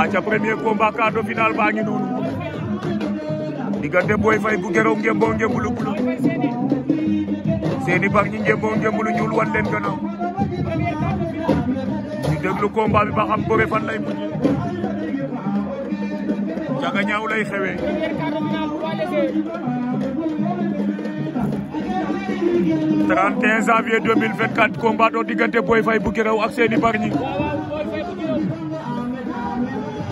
aca premier combat quart de baa ngi noonu diggante Boy Faye bu Guéréo ngemboo bulu Seny Bargny ngemboo ngembulu ñuul wan leen gannaaw ñu déglu bi ba xam fan lay mujj jaga ñaaw lay xewee trente et janvier deux mille vingt-quatre combat doo diggante Boy Faye bu ak Seny Bargny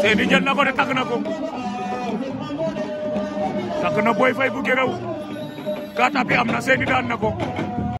Seydi jël na ko de takk na ko takk na Boy Faye bu Guédiawaye ka tapi am na Seydi daan na ko